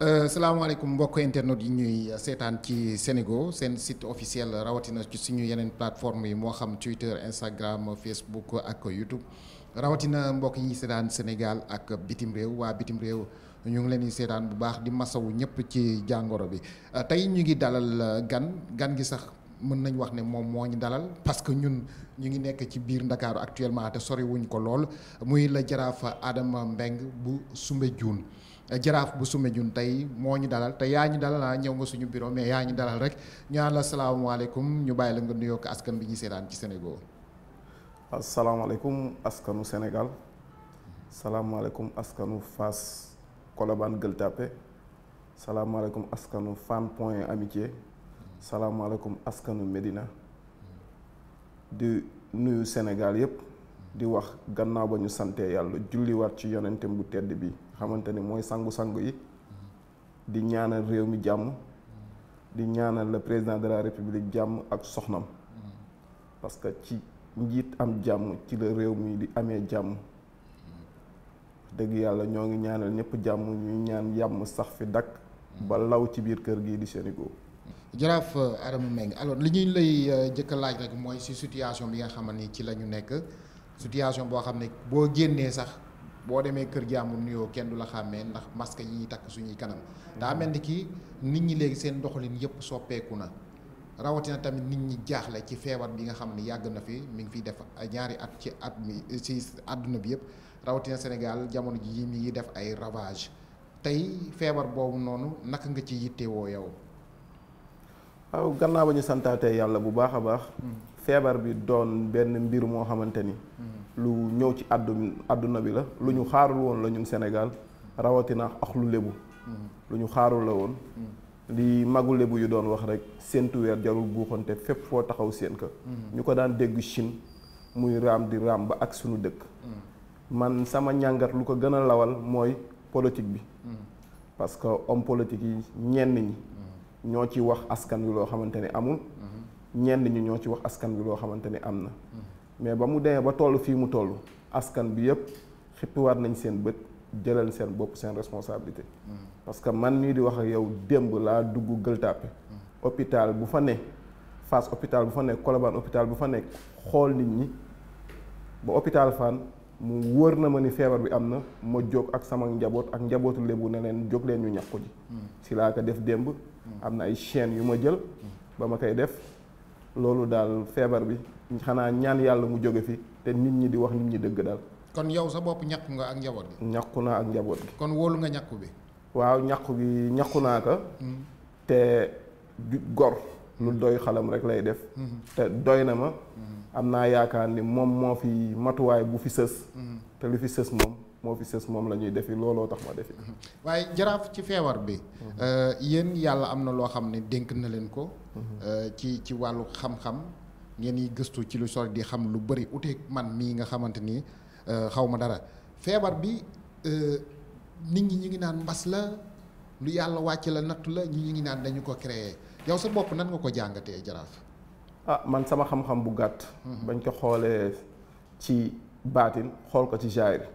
Euh, salaamaaleykum mbokk internet yi ñuy seetaan ci Sénégal seen site officiel rawatina ci suñu yeneen plateforme yi moo xam Twitter Instagram Facebook ak YouTube rawatina mbokk yi ñuy seetaan Sénégal ak bitim réew waa bitim réew ñu ngi leen di seetaan bu baax di masawu ñëpp ci jàngoro bi euh, tey ñu ngi dalal gan gan gi sax. mën nañ wax ne moom moo ñu dalal parce que ñun ñu ngi nekk ci biir Ndakaaru actuellement te sori wuñ ko lool muy la jaraafa Adama Mbeng bu Soumbédioune jaraaf bu Soumbédioune tey moo ñu dalal te yaa ñu dalal ah ñëw nga suñu bureau mais yaa ñu dalal rek ñu naan la salaamaaleykum ñu bàyyi la nga nuyoo ko askan bi ñu seetaan ci Sénégal. asalaamaaleykum askanu Sénégal salaamaaleykum askanu Fass Colobane Gueule Tapée askanu Fann Point Amitié salaamaaleykum askanu Médina di nuyu Sénégal yëpp di wax gannaaw ba ñu sante yàlla julliwaat ci yonentam bu tedd bi. xamante ni mooy sangu-sangu yi di ñaanal réew mi jàmm di ñaanal le président de la république jàmm ak soxnam parce que ci njiit am jàmm ci la réew mi di amee jàmm dëgg yàlla ñoo ngi ñaanal ñëpp jàmm ñuy ñaan yàmm sax fi dakk ba law ci biir kër gi di Sénégal jaraaf euh, Adama Mbengue alors li ñuy lay euh, jëkk laaj rek mooy si situation bi nga xamante ni ci la ñu nekk situation boo xam ne boo génnee sax boo demee kër jaamu nuyoo kenn du la xàmmee ndax masque yi ñuy takk suñuy kanam daa mel ni kii nit ñi léegi seen doxalin yëpp soppeeku na rawatina tamit nit ñi jaaxle ci feebar bi nga xam ne yàgg na fi mu ngi fiy def ñaari at ci at mi ci àdduna bi yëpp rawatina Sénégal jamono ji mi ngi def ay ravage tey feebar boobu noonu naka nga ci yittewoo yow. waaw gannaaw ba ñu santaatee yàlla bu baax a baax. Mm. feebar bi doon benn mbir moo xamante ni. Mm. lu ñëw ci addu àdduna bi la lu ñu xaarul woon la ñun Sénégal rawatina ak lu lébu lu ñu xaarul la woon li magu lébu yu doon wax rek séentu weer jarul buuxante fépp foo taxaw seen ka ñu ko daan dégg Chine muy raam di raam ba ak suñu dëkk man sama njàngat lu ko gën a lawal mooy politique bi parce que homme yi ñenn ñi ñoo ci wax askan wi loo xamante ni amul ñenn ñi ñoo ci wax askan wi loo xamante ni am na mais ba mu demee ba toll fii mu toll askan bi yëpp xippiwaat nañ seen bët jëlal seen bopp seen responsabilité. Mm. parce que man mii di wax ak yow démb laa dugg gëltàppe mm. hôpital bu fa ne Fass hôpital bu fa nekk Colobane hôpital bu fa nekk xool nit ñi ba hôpital Fann mu wóor na ma ni feebar bi am na ma jóg ak sama njaboot ak njabootu lébu ne leen jóg leen ñu ñàkku ji. Mm. si laa ko def démb. am na ay chaînes yu ma jël. ba ma koy def. loolu daal feebar bi xanaa ñaan yàlla mu jóge fi te nit ñi di wax nit ñi dëgg dal kon yow sa bopp ñàkku nga ak njaboot gi. ñàkku naa ak njaboot gi. kon wóolu nga ñàkku bi. waaw ñàkku bi ñàkku naa ko. Hmm. te gor lu doy xalam rek lay def. Hmm. te doy na ma. Hmm. am naa yaakaar ni moom moo fi matuwaay bu fi sës. te lu fi sës moom. moo fi sës moom la ñuy defi looloo tax ma defi mhm. waaye jaraaf ci feebar bi mhm. euh, yéen yàlla am na loo xam ne dénk na leen ko mhm. euh, ci ci wàllu xam-xam ngeen yi gëstu ci lu sol di xam lu bëri uteeg man mii nga xamante ni euh, xaw ma dara feebar bi nit ñi ñu ngi naan mbas la lu yàlla wàcc la nattu la ñi ñu ngi naan dañu ko créer yow sa bopp nan nga ko jàngatee jaraaf ah man sama xam-xam bu gàtt bañ ko xoolee ci baatin xool ko ci jaayir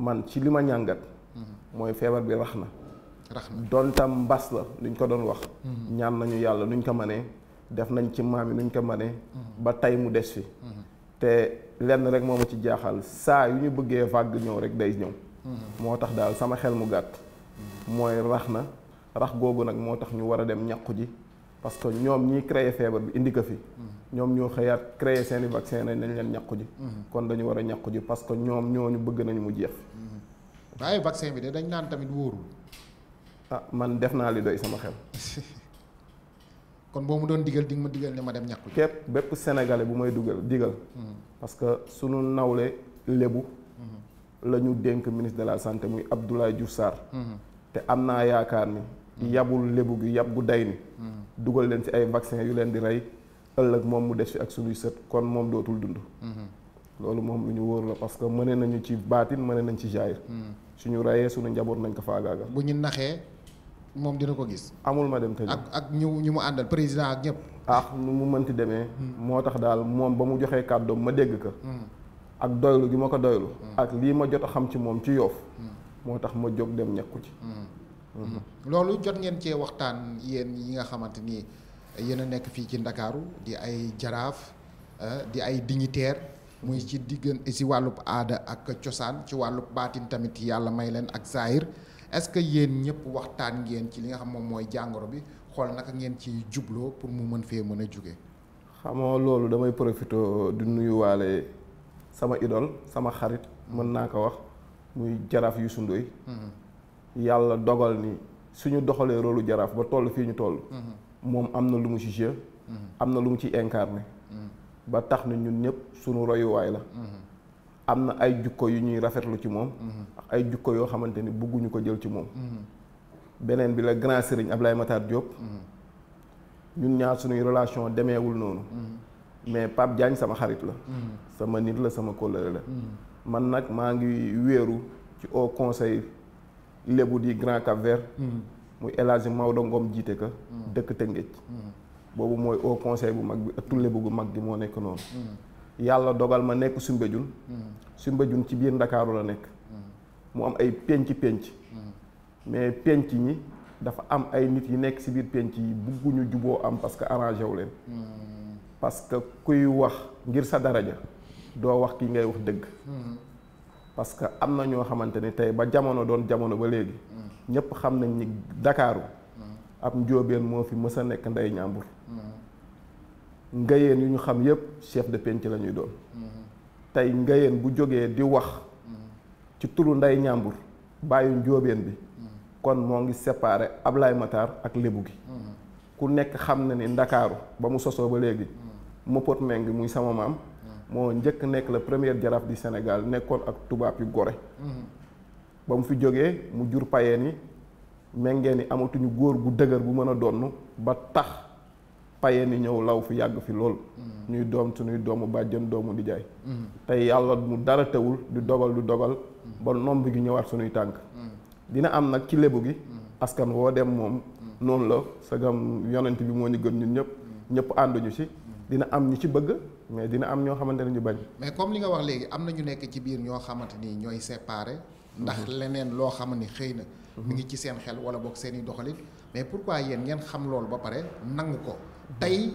man ci li ma ñàngat. mooy feebar bi rax na. rax na doon tam mbas la luñ ko doon wax. Mm-hmm. ñaan nañu yàlla nuñ ko mënee def nañu ci maam yi nuñ ko mënee. Mm-hmm. ba tey mu des fi. Mm-hmm. te lenn rek moom ma ci jaaxal saa yu ñu bëggee vague ñëw rek day ñëw. moo tax daal sama xel mu gàtt. mooy rax na rax googu nag moo tax ñu war a dem ñàqu ji. parce que ñoom ñi créé feebar bi indi ko fi. ñoom ñoo xëyaat créé seen i vaccin nañ nañ leen ñàkku ji. kon dañu war a ñàkku ji parce que ñoom ñu bëgg nañu mu jeex. waaye vaccin bi de dañ naan tamit wóorul. ah man def naa li doy sama xel. kon boo mu doon digal di ma digal ni ma dem ñàkku ji. képp bépp sénégalais bu may dugal digal. Mm-hmm. parce que sunu nawle lébu. Mm-hmm. la ñu dénk ministre de la santé muy Abdoulaye Diouf Sarr. Mm-hmm. te am naa yaakaar ni. yabul lébu gi yab gu day ni hmm. dugal leen ci ay vaccin yu leen di rey ëllëg moom mu def fi ak suñuy sët kon moom dootul dund hmm. loolu moom lu ñu wóor la parce que mëne nañu ci baatin mëne nañ ci jaayir hmm. suñu reyee sunu njaboot nañ ko faagaagal bu ñu naxee moom dina ko gis amul ma dem te ak ak ñu ñu mu àndal président ak ñëpp ah nu mu mënti demee moo tax daal moom ba mu joxee kàddoom ma dégg ko ak doylu gi ma ko doylu ak lii ma jot a xam ci moom ci yoof moo tax ma jóg dem ñakku ci Mhm. Mhm. loolu jot ngeen cee waxtaan yéen yi nga xamante ni yéen a nekk fii ci ndakaaru di ay jaraaf eh, di ay dignitaire muy ci diggante si wàllub aada ak cosaan ci wàllu baatin tamit yàlla may leen ak zaahir est-ce que yéen ñëpp waxtaan ngeen ci li nga xam moom mooy jàngoro bi xool naka ngeen ci jubloo pour mu mën fee mën a jóge xamoo loolu damay profité di waale sama idol sama xarit mën naa ko wax muy jaraaf yu Ndoye mhm. yàlla dogal ni suñu doxalee rôlu jaraaf ba toll fii ñu toll moom am na lu mu ci jeu am na lu mu ci incarné ba tax na ñun ñëpp suñu royuwaay la am na ay jukko yu ñuy rafetlu ci moom ay jukko yoo xamante ni bëgguñu ko jël ci moom beneen bi la grand sëriñ Ablaye Matar Diop ñun ñaar suñuy relation demeewul noonu mais Pape Diagne sama xarit la sama nit la sama kóllëre la man nag maa ngi wéeru ci au conseil lébu di Grand Cap-Vert mm-hmm. muy El Hadji Maodo Ngom jiite ka mm-hmm. dëkk Tëngéej mm-hmm. boobu mooy au conseil bu mag bi ëttu lébu gu mag gi moo nekk noonu yàlla dogal ma nekk Soumbédioune Soumbédioune ci biir Ndakaaru la nekk mu am ay penc pénc mais pénc ñi dafa am ay nit yi nekk si biir pénc yi bugguñu juboo am parce que arrangé wu leen parce que kuy wax ngir sa daraja doo wax ki ngay wax dëgg parce que am na ñoo xamante ni tey ba jamono doon jamono ba léegi. ñëpp xam nañ ni Dakaaru ab njóobeen moo fi mës a nekk ndey ñàmbur. ngayeen yu ñu xam yëpp chef de pence la ñuy doon. tey ngayeen bu jógee di wax. ci turu ndey ñàmbur bàyyi njóobeen bi. kon moo ngi séparé Ablaye Matar ak lébu gi. ku nekk xam na ni Ndakaaru ba mu sosoo ba léegi. Mopot Meng muy sama maam. moo njëkk nekk la première jaraaf di Sénégal nekkoon ak tubaab yu gore ba mu fi jógee mu jur payeen yi méngee ni amatuñu góor gu dëgër bu mën a donn ba tax payeen yi ñëw law fi yàgg fi lool ñuy doom suñuy doomu bàjjen doomu di jaay tey yàlla mu dara tewul di dogal du dogal ba nomb gi ñëwaat suñuy tànk dina am nag ci lébu gi askan woo dem moom noonu la sagam yonent bi moo ñu gën ñun ñëpp ñëpp ànduñu si dina am ñu ci bëgg mais dina am ñoo xamante ne ñu bañ. mais comme li nga wax léegi am na ñu nekk ci biir ñoo xamante ni ñooy séparé. ndax mhm. leneen loo xam ne xëy na. Mhm. mi ngi ci seen xel wala boog seeni i doxalin mais pourquoi yéen ngeen xam loolu ba pare nangu ko mhm. tey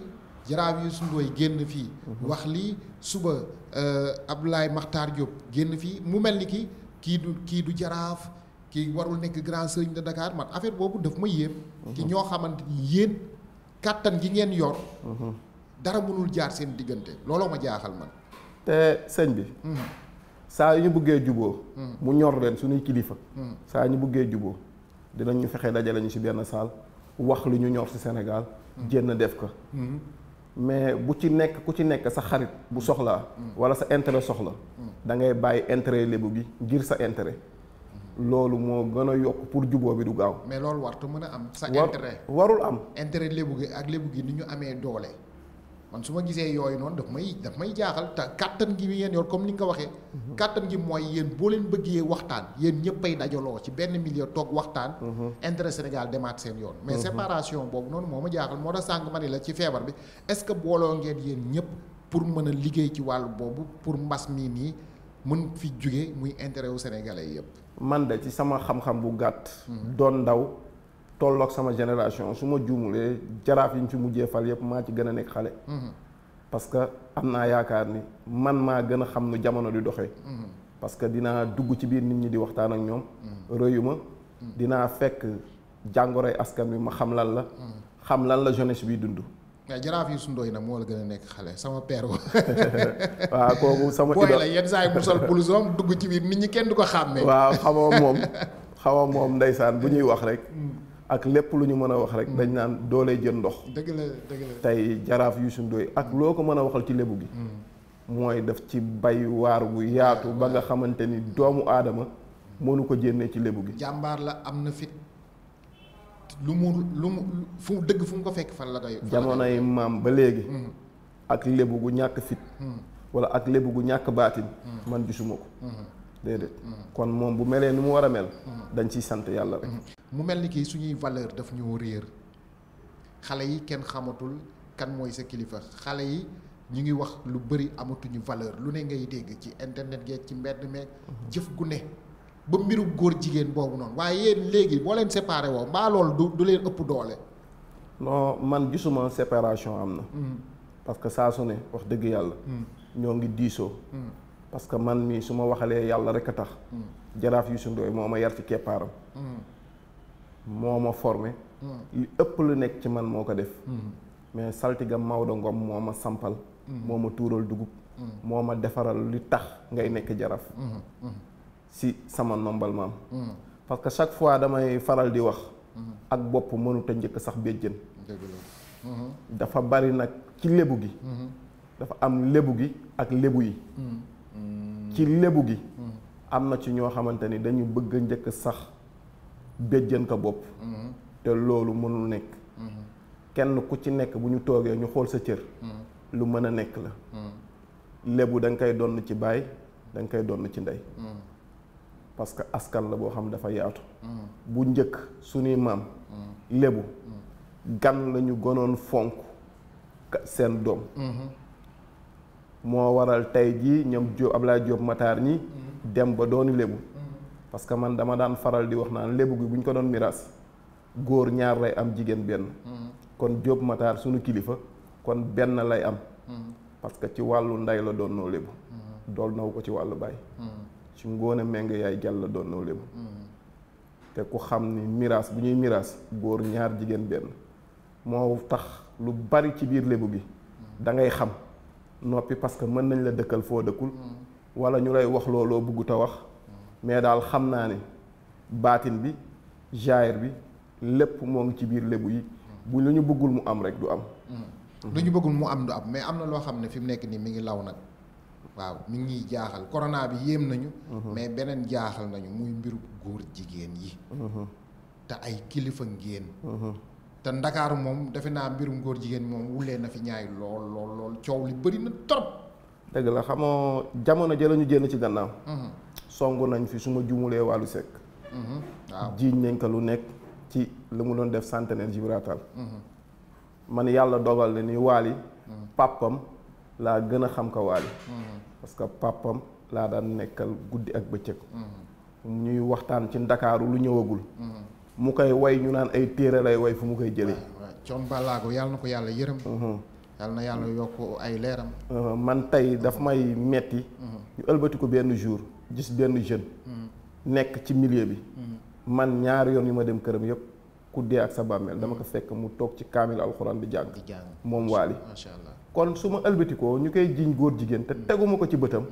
jaraaf Youssou Ndoye génn fii. wax li suba euh, Abdoulaye maxtaar Diop génn fii mu mel ni ki kii du kii du jaraaf kii warul nekk grand sëriñ de Dakar man affaire boobu daf ma yéem. ki ñoo xamante ni yéen kàttan gi ngeen yor. dara mënul jaar seen diggante looloo ma jaaxal man. te sëñ bi. saa yi ñu bëggee juboo mu ñor leen suñuy kilifa. saa ñu bëggee juboo dinañ ñu fexe dajale ñu ci benn saal wax lu ñu ñor ci Sénégal. jénn def ko. mais bu ci nekk ku ci nekk sa xarit bu soxlaa. walla sa intérêt soxla. dangay bàyyi intérêt lébu gi ngir sa intérêt. loolu moo gën a yokk pour juboo bi du gaaw. mais loolu wartu mën a am. sa intérêt warul am. intérêt lébu gi ak lébu gi ni ñu amee doole. man su ma gisee yooyu noonu daf may daf may jaaxal te kàttan gi ngeen yor comme ni nga ko waxee. Mhm. kàttan gi mooy yéen boo leen bëggee waxtaan yéen ñëppay dajaloo ci benn milieu toog waxtaan. Mhm. intérêt Sénégal demaat seen yoon. mais mhm. séparation boobu noonu moo ma jaaxal moo tax sànq ma ne la ci feebar bi est-ce que booloo ngeen yéen ñëpp pour mën a liggéey ci wàllu boobu pour mbas mii nii mën fi jóge muy intérêt wu sénégalais yëpp. man de ci sama xam-xam bu gàtt. doon ndaw. tolloog sama génération su ma juumulee jaraaf yi ñu fi mujjee fal yëpp maa ci gën a nekk xale. Mm-hmm. parce que am naa yaakaar ni man maa gën a xam nu jamono di doxee. Mm-hmm. parce que dinaa dugg ci biir nit ñi di waxtaan ak ñoom. Mm-hmm. rëyu ma. dinaa fekk jàngoroy askan wi ma xam lan la. xam lan la jeunesse bi dund. mais jaraaf yi sundooy nag moo la gën a nekk xale sama père wa. waaw kooku sama. idole booy la yenn saa yi dugg ci biir nit ñi kenn du ko xàmmee. waaw xamoo moom xamoo moom ndeysaan bu ñuy wax rek. Mm. ak lépp lu ñu mën a wax rek dañ naan doolee jën ndox dëgg la dëgg tey jaraaf Youssou Ndoye ak loo ko mën a waxal ci lébu gi mm. mooy def ci bay waar gu yaatu ba nga xamante ni doomu aadama mënu ko jénne ci lébu gi jàmbaar la am na fit lu mu lu mu fu dëgg fu mu ko fekk fan la jamono yi maam ba léegi mm. ak lébu gu ñàkk fit mm. wala ak lébu gu ñàkk baatin man gisuma ko déedéet. Mm. kon moom bu melee ni mu war a mel. Mm. dañ ciy sant yàlla rek. Mm. mu mel ni kii suñuy valeur daf ñu réer xale yi kenn xamatul kan mooy sa kilifa xale yi ñu ngi wax lu bëri amatuñu valeur lu ne ngay dégg ci internet geeg ci mbedd meeg. Mm-hmm. jëf gu ne ba mbiru góor jigéen boobu noonu waaye yéen léegi boo leen séparé woo mbaa loolu du du leen ëpp doole. non man gisuma séparation am na. parce que saa su ne wax dëgg yàlla. ñoo ngi diisoo. parce que man mii su ma waxalee yàlla rek a tax mm. jaraaf Youssou Ndoye moo ma yar ci keppaaram mm. moo ma formé mm. li ëpp lu nekk ci man moo ko def mais saltigam Maodo Ngom moo ma sampal moo ma tuural dugub moo ma defaral li tax ngay nekk jaraaf si sama nombal maam parce que chaque fois damay faral di wax ak bopp mënut njëkk sax béjjën mm-hmm. dafa bari nag ci lébu gi mm-hmm. dafa am lébu gi ak lébu yi ci lébu gi am na ci ñoo xamante ni dañu bëgg njëkk sax béjjën ko bopp te loolu mënul nekk kenn ku ci nekk bu ñu toogee ñu xool sa cër lu mën a nekk la lébu da nga koy donn ci baay da nga koy donn ci ndey parce askan la boo xam dafa yaatu bu njëkk suñuy maam lébu gan lañu gonoon fonk seen doom moo waral tey jii ñoom ab Abdoulaye jóob Matar ñi dem ba dooni lébu parce que man dama daan faral di wax naan lébu gi bu ñu ko doon miraas góor ñaar lay am jigéen benn kon Diop suñu kilifa kon benn lay am parce que ci wàllu ndey la doon noo dool naw ko ci wàllu baay ci ngoone méng yaay jàll la doon noo lébu xam ni miraas bu ñuy miraas góor ñaar jigéen benn moo tax lu bari ci biir lébu gi da ngay xam noppi parce que mën nañ la dëkkal foo dëkkul mm. wala ñu lay wax looloo bëggut a wax mm. mais daal xam naa ne baatin bi jaayir bi lépp moo ci biir lébu yi mm. bu lu ñu bëggul mu am rek du am lu ñu bëggul mu am du am mais am na loo xam ne fi mu nekk nii mi ngi law nag waaw mi ngi ñuy jaaxal corona bi yéem nañu mm-hmm. mais beneen jaaxal nañu muy mbiru góor jigéen yi mm-hmm. te ay kilifa ngeen mm-hmm. te ndakaaru moom defe naa mbirum góor jigéen moom wulee na fi ñaay lool lool coow li bëri na trop. dëgg la xamoo jamono jëla ñu génn ci gannaaw. Mhm. songu nañ fi su ma jumulee wàllu sekk. Mhm. waaw jiiñ nañ ko lu nekk ci li mu doon def centenaire Gibraltar. Mhm. man yàlla dogal na ni waali pàppam laa gën a xam ko waali parce que pàppam laa daan nekkal guddi ak bëccëg. ñuy waxtaan ci ndakaaru lu ñëwagul. mu koy woy ñu naan ay téere lay woy fu mu koy jëlee. waaw coom balaago ko yàlla yërëm. Uh-huh. yàlla na yàlla yokk ay leeram. Uh-huh. man tey dafa may metti uh-huh. ñu ëlbati ko benn jour gis benn jeune. nekk ci millier bi. man ñaari yoon yu ma dem këram yëpp ku dee ak sa bàmmeel dama ko fekk mu toog ci kaamil alxuraan di jàng. moom waali macha allah kon su ma ëlbatikoo ñu koy jiiñ góor jigéen te teguma ko ci bëtam.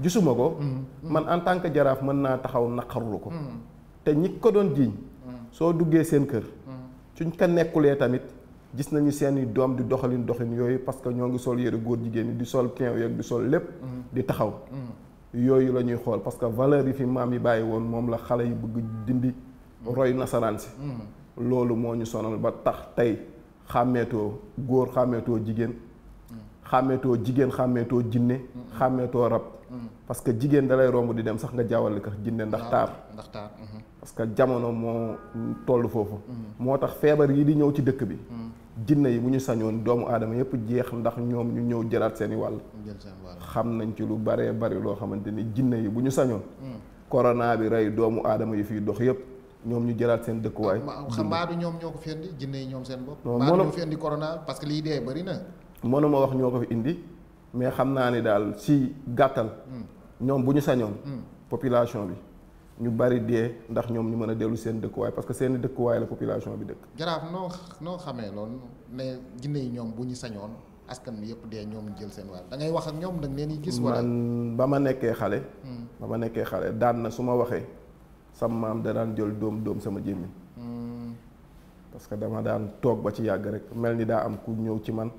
gisuma ko. man en tant que jaraaf mën naa taxaw naqarlu ko. te ñi ko doon jiñ. soo duggee seen kër. suñ ka nekkulee tamit gis nañu seen seeni doom di doxalin doxin yooyu parce que ñoo ngi sol yére góor jigéen ñi di sol kin yeeg di sol lépp. di taxaw. yooyu lañuy xool parce que valeur yi fi maam yi bàyyi woon moom la xale yi bëgg dindi. roy nasaraan si. loolu moo ñu sonal ba tax tey xàmmeetoo góor xàmmeetoo jigéen. xàmmeetoo jigéen xàmmeetoo jinne xàmmeetoo rab. parce que jigéen dalay romb di dem sax nga jaawale kër jinne ndax taar. ndax taar. Mhm. parce que jamono moo toll foofu. moo tax feebar yi di ñëw ci dëkk bi. jinne yi bu ñu sañoon doomu aadama yëpp jeex ndax ñoom ñu ñëw jëlaat seen i wàll. xam nañ ci lu baree bari loo xamante ni jinne yi bu ñu sañoon. Hmm. corona bi rey doomu aadama yi fii dox yëpp ñoom ñu jëlaat seen dëkkuwaay. xam baadu ñoom ñoo ko fi indi jinne yi ñoom seen bopp. non baadu ñoo fi indi corona parce que liy dee bari na. mënuma wax ñoo ko fi indi mais xam naa ni daal si gàttal. Hmm. ñoom bu ñu sañoon. Hmm. population bi. ñu bari dee ndax ñoom ñu mën a dellu seen dëkkuwaay parce que seen dëkkuwaay la population bi dëkk. jaraaf noo noo xamee loolu ne jinne yi ñoom bu ñu sañoon askan bi yëpp dee ñoom jël seen waar da wax ak ñoom da ngeen gis. wala a ba ma nekkee xale. Hmm. ba ma nekkee xale daan na su ma waxee sama maam da daan jël doom doom sama jëmmi. Hmm. parce que dama daan toog ba ci yàgg rek mel ni daa am ku ñëw ci man.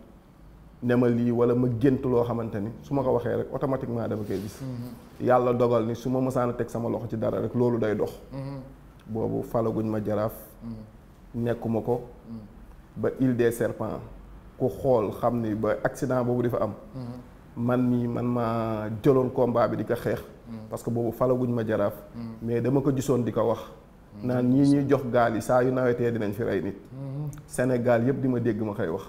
ne ma lii wala ma gént loo xamante ni su ma ko waxee rek automatiquement dama koy gis. Mm-hmm. yàlla dogal ni su ma mësaan a teg sama loxo ci dara rek loolu day dox. Mm-hmm. boobu falaguñ ma jaraaf. Mm-hmm. nekkuma ko. ba Île des Serpents ku xool xam ni ba accident boobu dafa am. man mii man maa jëloon combat bi di ko xeex. parce que boobu falaguñ ma jaraaf. mais dama ko gisoon di ko wax. naan ñii ñuy jox gaal yi saa yu nawetee dinañ fi rey nit. Sénégal yëpp di ma dégg ma koy wax.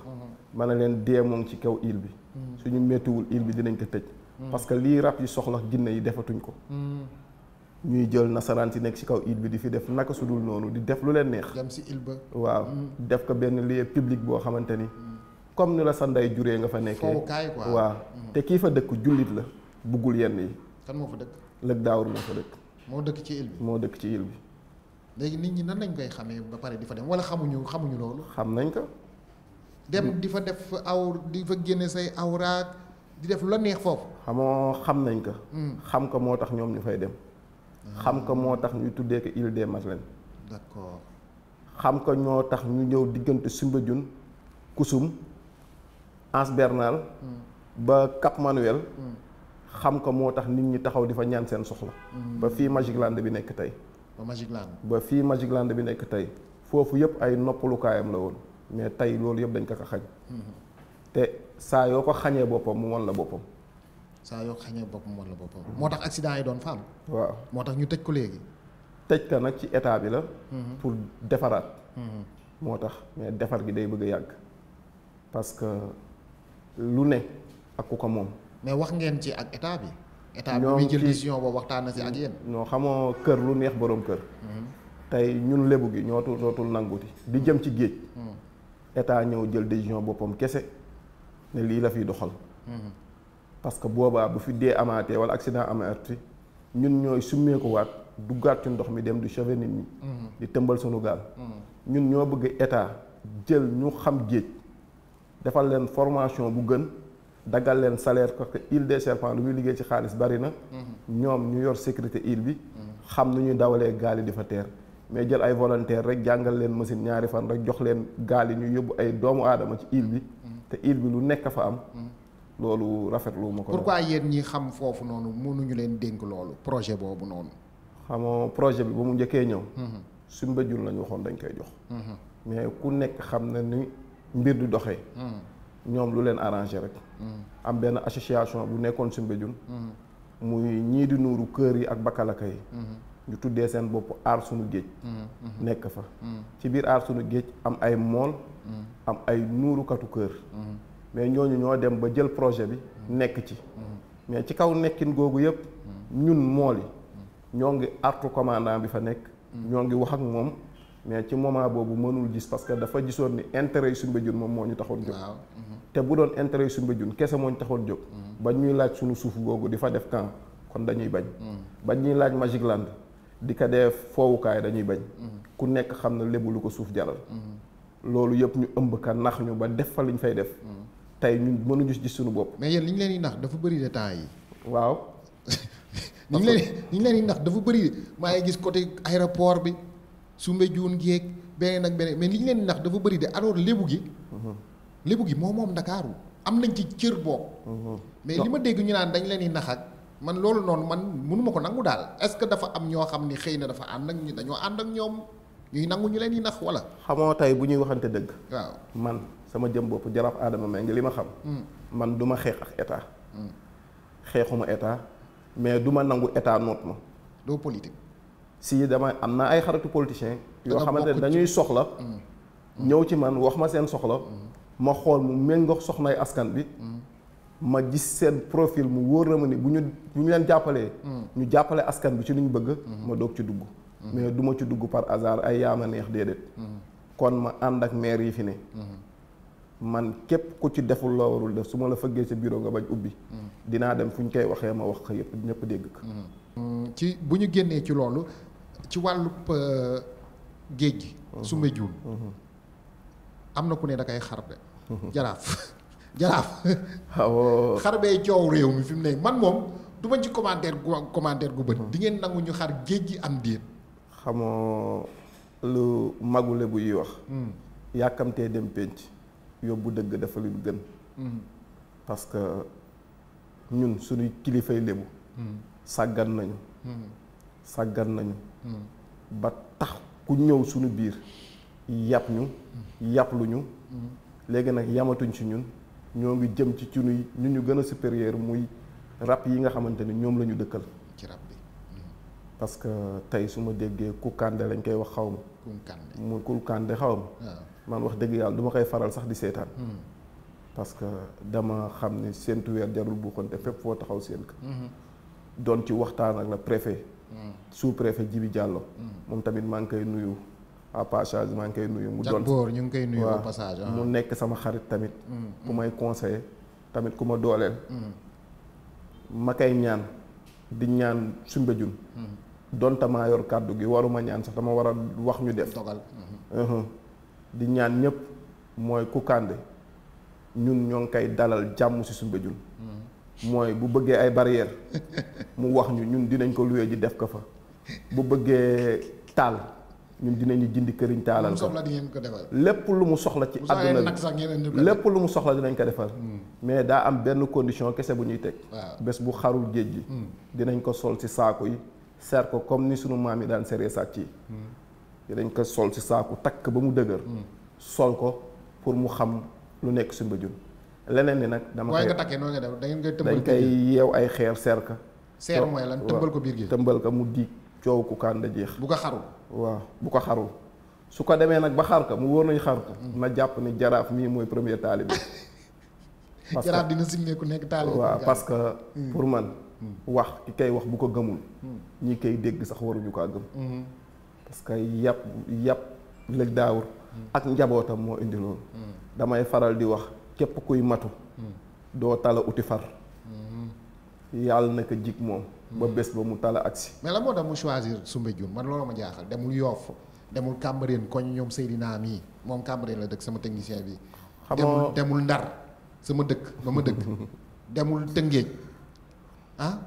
ma ne leen dee moom ci kaw île bi mm. suñu méttiwul île bi dinañ ko tëj mm. parce que lii rab yi soxla ginne yi defatuñ ko mm. ñuy jël nasaraan si nekk ci kaw île bi di fi def naka su dul noonu di def lu leen neex jam si île ba waaw def ko benn lieu public boo xamante ni comme ni la sa ndey juree nga fa nekkee waaw te kii fa dëkk jullit la buggul yenn yi kan moo fa dëkk lëg daawur moo fa dëkk moo dëkk ci île bi moo dëkk ci île bi léegi nit ñi nan lañ koy xamee ba pare di fa dem wala xamuñu xamuñu loolu xam nañ ko dem mm. di fa def aw di fa génne say awraag di def lu la neex foofu. xamoo xam nañ ko. Mm. xam ko moo tax ñoom ñu fay dem. Mm. xam ko moo tax ñu tuddee ko île des Madeleines. xam ko ñoo tax ñu ñëw diggante Soumbédioune Koussoum Anse Bernal. ba Cap Manuel. xam ko moo tax nit ñi taxaw di fa ñaan seen soxla. ba fii Magic Land bi nekk tey. ba Magic Land. ba fii Magic Land bi nekk tey foofu yëpp ay noppalukaayam la woon. mais tey loolu yëpp dañ ko ko xañ mm-hmm. te saa yoo ko xañee boppam mu wan la boppam saa yoo ko xañee boppam mu wan la boppam moo tax accident yi doon fa waaw moo tax ñu tëj ko léegi tëj ka nag ci état bi la mm-hmm. pour defaraat mm-hmm. moo tax mais defar gi day bëgg yàgg parce que lu ne ak ku ko moom mais wax ngeen ci ak état bi état bi muy jël décision boobu waxtaan na si ak yéen ñoo xamoo kër lu neex boroom kër tey ñun lébu gi ñootu tuutootul nanguti di jëm ci géej état ñëw jël décision boppam kese ne lii la fiy doxal. Mhm. parce que boobaa bu fi dee amaatee wala accident amaati ñun ñooy summeekuwaat waat duggaat ci ndox mi dem du sauver nit mhm. di tëmbal sunu gaal. Mhm. ñun ñoo bëgg état jël ñu xam géej defal leen formation bu gën daggal leen salaire parce que île des serpents lu muy liggéey ci xaalis bari na. ñoom ñu yor sécurité île bi. xam nu ñuy dawalee gaal yi di fa teer. mais jël ay volontaire rek jàngal leen machine ñaari fan rek jox leen gaal yi ñu yóbbu ay doomu aadama ci île bi te île bi lu nekk fa am loolu rafetlu ma ko pourquoi yéen ñi xam foofu noonu mënuñu leen dénk loolu projet boobu noonu xamoo projet bi ba mu njëkkee ñëw suñ mbëjul lañu waxoon dañ koy jox mais ku nekk xam na ni mbir du doxee ñoom lu leen arrangé rek am benn association bu nekkoon suñ mbëjul muy ñii di nuuru kër yi ak bakkalaka yi ñu tuddee seen bopp aar sunu géej mm, mm-hmm. nekk fa mm. ci biir aar sunu géej am ay mool mm. am ay nuurukatu kër mm-hmm. mais ñooñu ñoo dem ba jël projet bi nekk ci mm-hmm. mais ci kaw nekkin googu yëpp ñun mool yi ñoo ngi artu commandant bi fa nekk ñoo ngi wax ak moom mais ci moment boobu mënul gis parce que dafa gisoon ni intérêt yu Soumbédioune moom moo ñu taxoon jóg te bu doon intere yu Soumbédioune kese moo ñu taxoon jóg ba ñuy laaj sunu suuf googu di fa def camp kon dañuy bañ ba ñuy laaj Magic Land di ko dee foowukaay dañuy bañ mm-hmm. ku nekk xam na lébu lu ko suuf jaral mm-hmm. loolu yëpp ñu ëmb ka nax ñu ba def fa ñu fay def mm-hmm. tey ñun mënuñu gis suñu bopp mais yéen li ñu leen di nax dafa bëri de yi waaw ñu ngi leen ñu leen di nax dafa bari maa ngi gis côté aéroport bi sumbe juun géeg beneen ak beneen mais li ñu leen di dafa bëri de alors lébu gi lébu gi moo moom ndakaaru am nañ ci cër boobu mais li ma dégg ñu naan dañ leen yi nax ak man loolu noonu man mënuma ko nangu daal est-ce que dafa am ñoo xam ni xëy na dafa ànd ak ñi dañoo ànd ak ñoom ñuy nangu ñu leen di nax wala. xamoo tey bu ñuy waxante dëgg. waaw man sama jëm bopp jaraaf aadama may ngi li ma xam. Hmm. man duma ma xeex ak état. Hmm. xeexuma état mais du ma nangu état noot ma. doo politique. si dama am na ay xaritu politiciens. yoo xamante ne dañuy soxla. Hmm. ñëw ci man wax ma seen soxla. ma xool mu méngoo soxnay askan bi. ma gis seen profil mu wóor na ma ni bu ñu bu ñu leen jàppalee. Mm. ñu jàppale askan bi ci lu ñu bëgg. Mm-hmm. ma doog ci dugg. Mm-hmm. mais duma ci dugg par hasard ay yaama neex déedéet. Mm-hmm. kon ma ànd ak maire yi fi ne. man képp ku ci deful loo warul def su ma la fëggee sa bureau nga bañ ubbi. Mm. dinaa dem fu ñu koy waxee ma wax ko yëpp ñëpp dégg ko. Mm, ci bu ñu génnee ci loolu ci wàllu euh, géej gi. su ma am na ku ne da koy xar de jaraaf. jaraaf. waaw ah, oh. xar bee coow réew mi fi mu ne man moom du ma ci commentaire gu commentaire gu bëri. Hmm. di ngeen nangu ñu xar géej gi am déet. xamoo lu magule bu yi wax. Hmm. yàkkamtee dem pénc yóbbu dëgg dafa lu gën. Hmm. parce que ñun suñuy kilifay lébu. sàggan nañu. sàggan nañu. ba tax ku ñëw suñu biir yàpp ñu. yàpp lu ñu. léegi nag yamatuñ ci ñun. ñoo ngi jëm ci cunu ñu ñu gën a supérieur muy rab yi nga xamante ni ñoom la ñu dëkkal. ci hmm. parce que tey su ma déggee kukkande lañ koy wax xaw ma. kukkande muy kukkande xaw ma. Ah. man wax dëgg yàlla du ma koy faral sax di seetaan. Hmm. parce que dama xam ne séntu weer jarul buuxante fépp foo taxaw seen ka hmm. doon ci waxtaan ak la préfet. sous préfet Djibi Diallo. moom tamit maa ngi koy nuyu. à passage maa ngi koy nuyu. mu doon Jakboor ñu ngi koy nuyu au passage. Ah. mu nekk sama xarit tamit. Mm, mm. ku may conseiller tamit ku ma dooleel. Mm. ma kay ñaan di ñaan Soumbédioune. donte maa kàddu gi waruma ñaan sax dama war a wax ñu def. dogal mm-hmm. uh-huh. di ñaan ñëpp mooy ku kànde ñun ñoo ngi koy dalal jàmm si Soumbédioune. mooy bu bëggee ay barrière mu wax ñu ñun dinañ ko luwee ji def ko fa bu bëggee taal. ñun dinañu jindi këriñ taalal ko lépp lu mu soxla ci àdduna bi lépp lu mu soxla dinañ ko defal hmm. mais daa am benn condition kese bu ñuy teg bés bu xarul géej gi hmm. dinañ ko sol ci saaku yi seer ko comme ni sunu maam yi daan seree sàcc yi hmm. dinañ ko sol ci saaku takk ba mu dëgër sol ko pour mu xam lu nekk suñu ba jun leneen ni nag dama koy nga takkee noonu nga def da ngeen tëmbal dañ koy yeew ay xeer seer ka seer mooy lan tëmbal ko biir gi tëmbal ko mu di coow ku kaan da jeex bu ko xarul waaw bu ko xarul su ko demee nag ba xar ka mu wóor nañ xar ka mm. na jàpp ni jaraaf mii mooy premier taalibe que jaraaf dina signé ku nekk taalibe waaw parce que mm. pour man mm. wax ki kay wax bu ko gëmul ñi koy dégg sax waruñu kaa gëm mm-hmm. parce que yàpp yàpp lëg daawur ak njabootam moo indi loolu damay faral di wax képp kuy matu doo tala uti far mm-hmm. yàlla na ko jig moom ba bés ba mu tala agsi mais la moo tax mu choisir Soumbédioune man loolu ma jaaxal demul Yoff demul Cambérène koñ ñoom naa mii moom Cambérène la dëkk sama technicien bi. xam demul Ndar sama dëkk ba ma demul Tëngéej ah.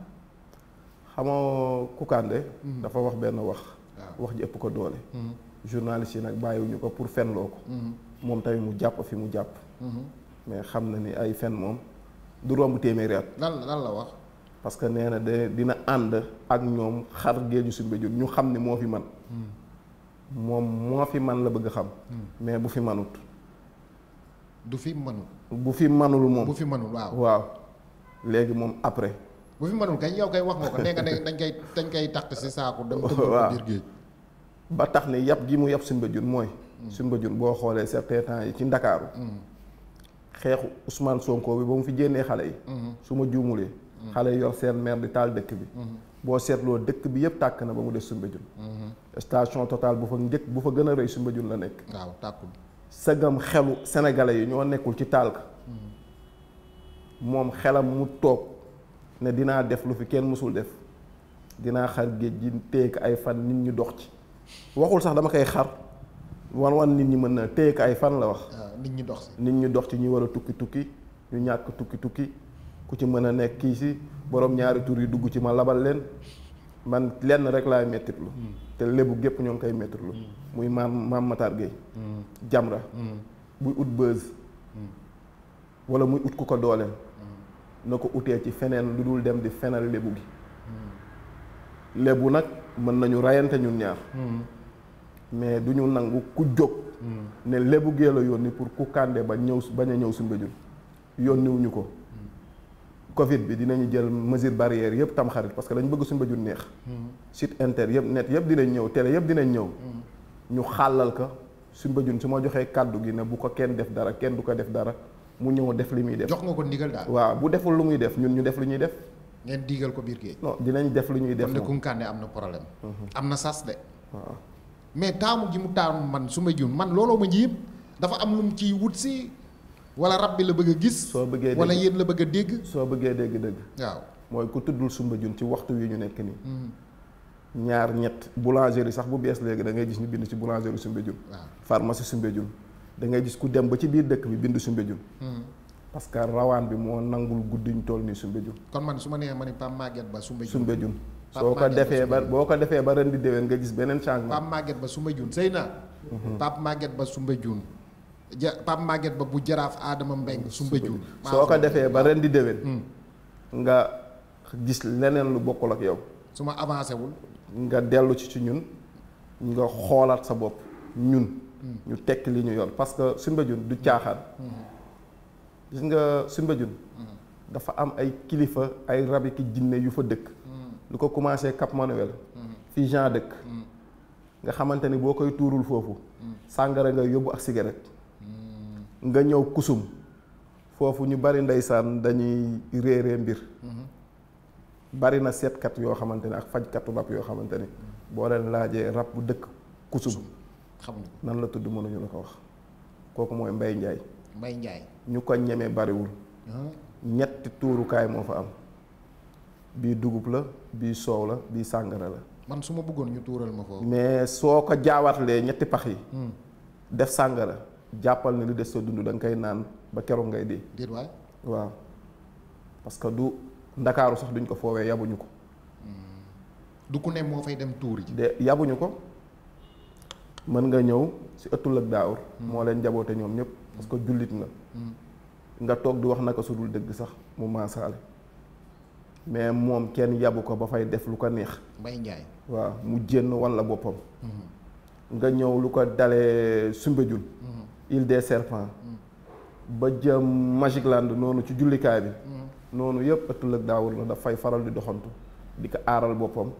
xamoo Kounkandé. Mm-hmm. dafa wax benn wax. wax ji ëpp ko doole. Mm-hmm. journaliste yi nag bàyyiwuñu ko pour fen loo ko. Mm-hmm. moom tamit mu jàpp fi mu jàpp. mais xam na ni ay fen moom du romb téeméeri at. lan lan la wax. parce que nee na de dina ànd ak ñoom xar géeju Soumbédioune ñu xam ne moo fi man moom moo fi man la bëgg xam hmm. mais bu fi manut du fi manul bu fi manul moom bu fi manul waaw waaw léegi moom après bu fi manul kay yow kay wax nga ko nee nga ne dañ koy dañ koy takk si saaku dem waaw biir géej ba tax ni yàpp gi mu yàpp Soumbédioune mooy hmm. Soumbédioune boo xoolee certains temps yi ci Ndakaaru hmm. xeexu Ousmane Sonko bi ba mu fi jénnee xale yi su ma juumulee xale yor seen mer di taal dëkk bi mm-hmm. boo seetloo dëkk bi yëpp tàkk na ba mu des Soumbédioune mm-hmm. station Total bu fa njëkk bu fa gën a rëy Soumbédioune la nekk waaw tàkkul sagam xelu sénégalais yi ñoo nekkul ci taal ka mm-hmm. moom xelam mu toog ne dinaa def lu fi kenn mësul def dinaa xar géej gi téyek ay fan nit ñu dox ci waxul sax dama koy xar wan wan nit ñi mën na téyek ay fan la wax ah, nit ñi dox ci nit ñi dox ci ñu war a tukki tukki ñu ñàkk tukki tukki ku ci mën a nekk kii si borom ñaari tur yi dugg ci ma labal leen man lenn rek laay mettitlu hmm. te lébu gépp ñoo ngi koy mettitlu hmm. muy maam maam Matar Gueye hmm. Jamra buy ut bëz wala muy ut ku ko dooleel na ko utee ci feneen lu dul dem di fenal lébu gi lébu nag mën nañu reyante ñun ñaar mais du ñu nangu ku jóg ne lébu gee la yónni pour ku kànde ba ñëw bañ a ñëw su mbéjul yónniwuñu ko Covid bi dinañu jël mesure barrière yëpp tam xarit parce bëgg suñu ba ju neex. Hmm. site inter yëpp net yëpp dinañ ñëw télé yëpp dinañ ñëw. Hmm. ñu xàllal ko suñu ba jun su ma joxee kàddu gi ne bu ko kenn def dara kenn du ko def dara mu ñëw def li muy def. jox nga ko ndigal daal waaw bu deful lu muy def ñun ñu def li ñuy def. ngeen digal ko biir géej. non dinañ def lu ñuy def moom Kounkandé am na problème. Hmm. am na sas de. waaw mais taamu gi mu taamu man su ma jun man looloo ma ji yëpp dafa wala rab bi la bëgg a gis. soo bëggee dégg wala yéen la bëgg a dégg. soo bëggee dégg dégg. waaw mooy ku tuddul sumba jun ci waxtu wi ñu nekk nii. Mm-hmm. ñaar ñett boulangerie sax bu bees léegi da ngay gis ñu bind ci boulangerie Soumbédioune. waaw pharmacie Soumbédioune da ngay gis ku dem ba ci biir dëkk bi bind Soumbédioune. Mm-hmm. parce que rawaan bi moo nangul guddiñ tool nii Soumbédioune. kon man su ma nee ma ne Pape Maguette Ba Soumbédioune. soo ko defee ba boo ko defee ba ren di déwén nga gis beneen changement. Pape Maguette Ba Soumbédioune sëy naa. Mm-hmm. Pape Maguette Ba Soumbédioune. ja Pape ba bu jaraaf Adama Mbengue Soumbédioune soo ko defee ba ren di déwén hmm. nga gis leneen lu bokkul ak yow su ma avancé wul nga dellu ci ci ñun nga xoolaat sa bopp ñun hmm. ñu tekki li ñu yoon parce que Soumbédioune du caaxaan hmm. gis nga Soumbédioune dafa am ay kilifa ay rabi ki jinne yu fa dëkk lu ko commencé Cap Manuel fii Jean dëkk nga xamante ni boo koy tuurul foofu sàngara nga yóbbu ak cigarette nga ñëw kusum foofu ñu bari ndeysaan dañuy réeree mbir bari na seetkat yoo xamante ne ak fajkatu rab yoo xamante ne boo leen laajee rab bu dëkk kusum xamuñu nan la tudd mënuñu la ko wax kooku mooy Mbay Njaay Mbay Njaay ñu ko ñemee bariwul ah. ñetti tuurukaay moo fa am bii dugub la bii soow la bii sàngara la man su ma bëggoon ñu tuural ma foofu mais soo ko jaawatlee ñetti pax yi hmm. def sàngara jàppal ne lu des sa dund da nga koy naan ba keroog ngay dee. déet waay waaw parce que du ndakaaru sax duñ ko foowee yabuñu ko. Hmm. du ku ne moo fay dem tuur ji. de yabuñu ko mën nga ñëw si ëttul ak daawur. Hmm. moo leen njaboote ñoom ñëpp parce que hmm. jullit nga. nga toog di wax naka su dul dégg sax mu maasaale. mais moom kenn yabu ko ba fay def lu ko neex. mbay njaay waaw mu jénn walla la boppam. nga ñëw lu ko dalee Soumbédioune. île des serpents mm. ba jëm Magic Land noonu ci jullikaay bi mm. noonu yëpp ëtt lëg daawur la dafay faral di doxantu di ko aaral boppam mm.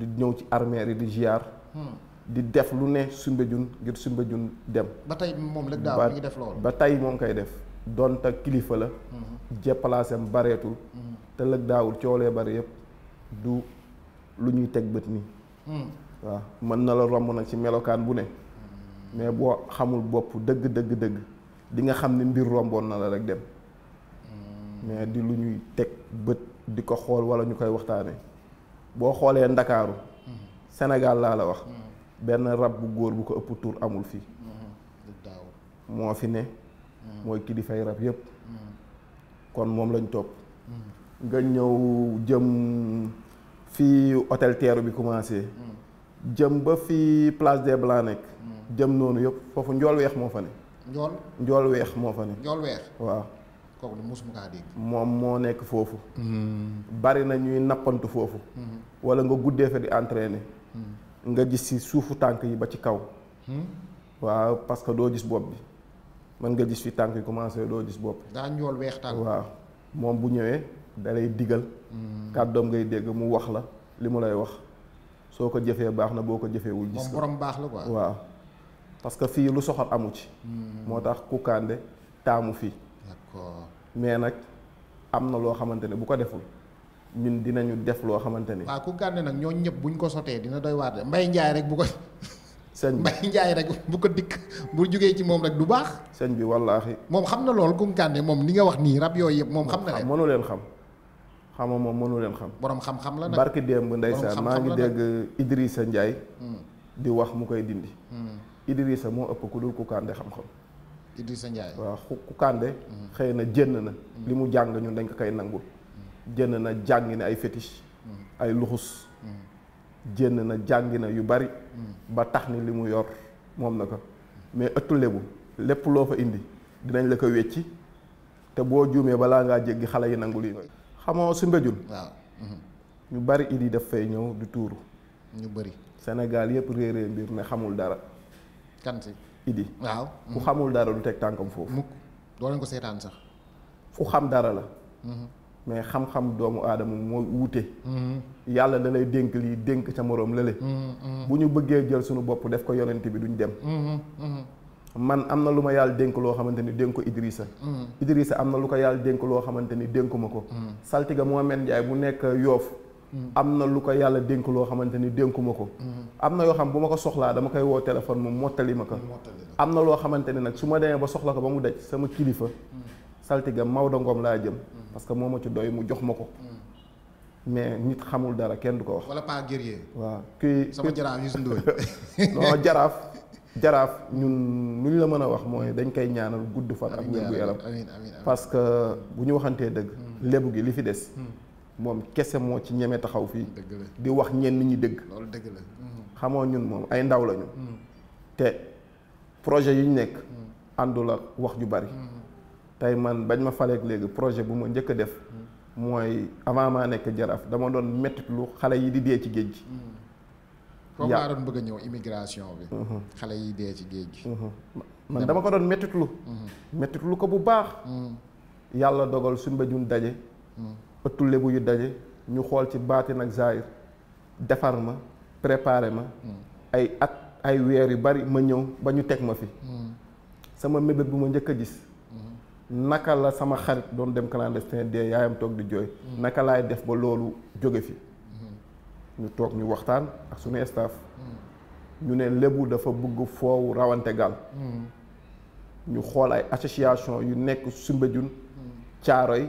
di ñëw ci armeer yi di giar di def lu ne Soumbédioune ngir Soumbédioune dem ba tey moom lëg daawur def loolu ba tey moo ngi koy def donte kilifa la jepalaasam mm-hmm. bareetul mm-hmm. te daawul daawur coolee bare yëpp du lu ñuy teg bët nii waaw mën na la romb nag ci melokaan bu ne mais boo xamul bopp dëgg dëgg dëgg di nga xam ne mbir romboon na la rek dem hmm. mais di lu ñuy teg bët di ko xool wala ñu koy waxtaanee boo xoolee ndakaaru hmm. Sénégal laa la wax hmm. benn rab bu góor bu ko ëpp tur amul fii moo fi ne mooy kilifay rab yépp kon moom lañ topp nga ñëw jëm fi hôtel Terrou-Bi commencé jëm ba fi place des Blancs nekk jëm noonu yëpp foofu njool weex moo fa ne. njool moo fa ne. njool weex waaw. kooku de moom moo nekk foofu. Mm-hmm. bari na ñuy nappantu foofu. Mm-hmm. wala nga guddee fa di entraîner. Mm-hmm. nga gis ci suufu tànk yi ba ci kaw. Hmm? waaw parce que doo gis bopp bi mën nga gis fi tànk yi commencé doo gis bopp. daa weex tànk waaw moom bu ñëwee da digal. kàddoom ngay dégg mu wax la li mu lay wax soo ko jëfee baax na boo ko jëfeewul. gis baax la quoi waaw. parce que fii lu soxor amu ci. Hmm. moo tax Kounkandé taamu fii. mais nag am na loo xamante ne bu ko deful ñun dinañu def loo xamante ni. waaw Kounkandé nag ñoo ñëpp ñu ko sotee dina doy waar de mbay njaay rek bu ko. sëñ bi Mbaye Ndiaye rek bu ko dikk bu jógee ci moom rek du baax. sëñ bi wallaahi. moom xam na loolu Kounkandé moom ni nga wax nii rab yooyu yëpp moom xam na leen mënu leen xam. xama moom mënu leen xam. boroom xam-xam la nag barki démb ndeysaan maa ngi dégg Idrissa Ndiaye. Hmm. di wax mu koy dindi. Hmm. Idrissa moo ëpp ku dul ku kande xam-xam. Idrissa Ndiaye waaw ku kande. Mm-hmm. xëy na jënn na. Mm-hmm. li mu jàng ñun dañ ko koy nangul. Mm-hmm. jënn na jàngi na ay fétiche. ay luxus. jënn na jàngi na yu bari. ba tax ni li mu yor moom na ko mais ëttu lebu lépp loo fa indi dinañ la ko wecci te boo juumee balaa ngaa jéggi xale yi nangu lii. xamoo su mbéjul. waaw ñu bari idi def fay ñëw di tuuru. ñu bari senegal yëpp réeree mbir ne xamul dara. kan si Idi waaw ku xamul dara lu teg tànkam foofu mukk doo leen ko seetaan sax fu xam dara la mm-hmm. mais xam-xam doomu aadama mooy wuute mm-hmm. yàlla da lay dénk lii dénk sa moroom lële mm-hmm. bu ñu bëggee jël suñu bopp def ko yonent bi duñ dem man am na lu ma yàlla dénk loo xamante ni dénk ko Idrissa Idrissa am na lu ko yàlla dénk loo xamante ni dénk ma ko saltiga Mohamed Ndiaye bu nekk yoof am na lu ko yàlla dénk loo xamante ni dénkuma ko am na yoo xam bu ma ko soxlaa dama koy woo téléphone moom mottali ma ko am na loo xamante ni nag su ma dee ba soxla ko ba mu daj sama kilifa mm. saltiga Maodo Ngom laa jëm mm. parce que moo ma ci doy mu jox ma ko mm. mais nit xamul dara kenn du ko wax wala pas guerrier sama jaraaf Youssou Ndoye non jaraaf ñun lu ñu la mën a wax mooy dañ koy ñaanal gudd fan ak wér gu yaram parce que bu ñu waxantee dëgg lébu gi li fi des moom kese moo ci ñeme taxaw fii. di wax ñenn ñi dëgg. loolu dëgg la. Mm-hmm. xamoo ñun moom ay ndaw lañu. Mm-hmm. te projet yu ñu nekk. Mm-hmm. àndul ak wax ju bari. tey man bañ ma faleeg léegi projet bu ma njëkk a def. mooy avant maa nekk jaraaf dama doon mettit xale yi di dee ci géej gi. foofu bëgg ñëw immigration bi. xale yi dee ci géej gi. man dama ko doon mettitlu mettitlu ko bu baax. yàlla dogal suñ ba jun daje. ëttu lébu yu daje ñu xool ci baatin ak zaahir defar ma préparé ma hmm. ay at ay weer yu bari ma ñëw ba ñu teg ma fi hmm. sama mébét bu ma njëkk a gis hmm. naka la sama xarit doon dem clandestin de yaayam toog di jooy naka laay def ba loolu jóge fi ñu toog ñu waxtaan ak suñu staff ñu ne lébu dafa bugg foowu rawante gaal ñu xool ay association yu nekk sumbejun caaro yi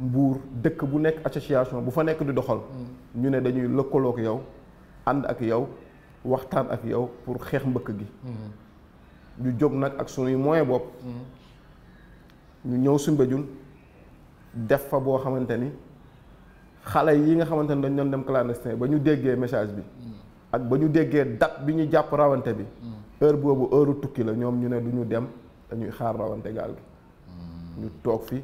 mbuur dëkk bu nekk association bu fa nekk di doxal hmm. ñu ne dañuy lëkkaloog yow ànd ak yow waxtaan ak yow pour xeex mbëkk gi hmm. ñu jóg nag ak sunuy moyen bopp hmm. ñu ñëw Soumbédioune def fa boo xamante ni xale yi nga xamante ni dañ doon dem clandestin ba ñu déggee message bi ak ba ñu déggee date bi ñu jàpp rawante bi heure boobu heure tukki la ñoom ñu ne du ñu dem dañuy xaar rawante gaal gi ñu toog fi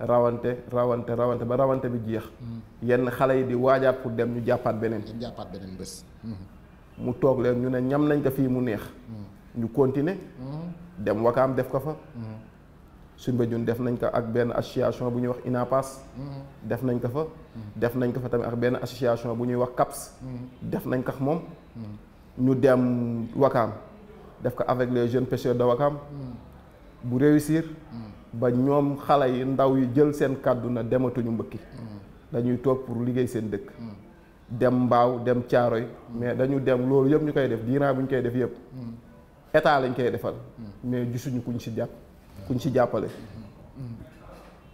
rawante rawante rawante ba rawante bi jeex. Hmm. yenn xale yi di waajaat pour dem ñu jàppaat beneen. ñu jàppaat beneen bés. Hmm. mu toog leen ñu ne ñam nañ ko fii mu neex. Hmm. ñu continuer. dem wakaam def ko fa. suñ ba def nañ ko ak benn association bu ñuy wax INAPAS. def nañ ko fa. def nañ ko fa tamit ak benn association bu ñuy wax CAPS. def nañ ko ak moom. ñu dem wakaam def ko avec les jeunes pêcheurs de wakaam. bu réussir. ba ñoom xale yi ndaw yi jël seen kàddu na dematuñu mbëkki dañuy toog pour liggéey seen dëkk dem mbaaw dem caaro yi mais dañu dem loolu yëpp ñu koy def diinaa bu ñu koy def yëpp état lañ koy defal mais gisuñu kuñ si jàpp kuñ si jàppale